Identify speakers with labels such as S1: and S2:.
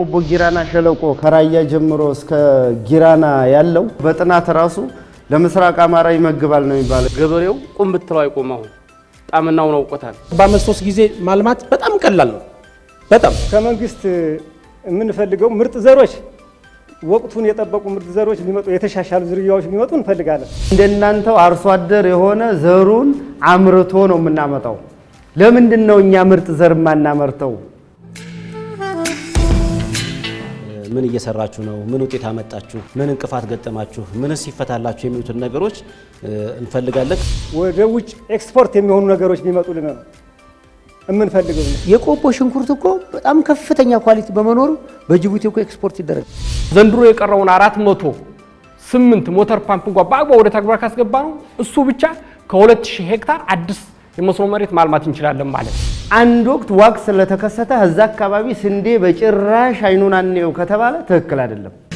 S1: ቆቦ ጊራና ሸለቆ ከራያ ጀምሮ እስከ ጊራና ያለው በጥናት ራሱ ለምስራቅ አማራ ይመግባል ነው የሚባለው።
S2: ገበሬው ቁም ብትለው አይቆም። አሁን ጣምናውን አውቆታል።
S3: በአመት ሶስት ጊዜ ማልማት በጣም ቀላል ነው። በጣም
S4: ከመንግስት የምንፈልገው ምርጥ ዘሮች ወቅቱን የጠበቁ ምርጥ ዘሮች ሊመጡ የተሻሻሉ ዝርያዎች ሊመጡ እንፈልጋለን።
S5: እንደናንተው አርሶ አደር የሆነ ዘሩን አምርቶ ነው የምናመጣው። ለምንድን ነው እኛ ምርጥ ዘር የማናመርተው?
S6: ምን እየሰራችሁ ነው? ምን ውጤት አመጣችሁ? ምን እንቅፋት ገጠማችሁ? ምንስ ይፈታላችሁ? የሚሉትን ነገሮች እንፈልጋለን።
S4: ወደ ውጭ ኤክስፖርት የሚሆኑ ነገሮች ቢመጡልን ነው የምንፈልገው።
S3: የቆቦ ሽንኩርት እኮ በጣም ከፍተኛ ኳሊቲ በመኖሩ በጅቡቲ እኮ ኤክስፖርት ይደረጋል።
S7: ዘንድሮ የቀረውን አራት መቶ ስምንት ሞተር ፓምፕ እንኳ በአግባ ወደ ተግባር ካስገባ ነው እሱ ብቻ ከ 2000 ሄክታር አዲስ የመስኖ መሬት ማልማት እንችላለን ማለት ነው።
S8: አንድ ወቅት ዋግ ስለተከሰተ እዛ አካባቢ ስንዴ በጭራሽ አይኑን አንየው ከተባለ ትክክል አይደለም።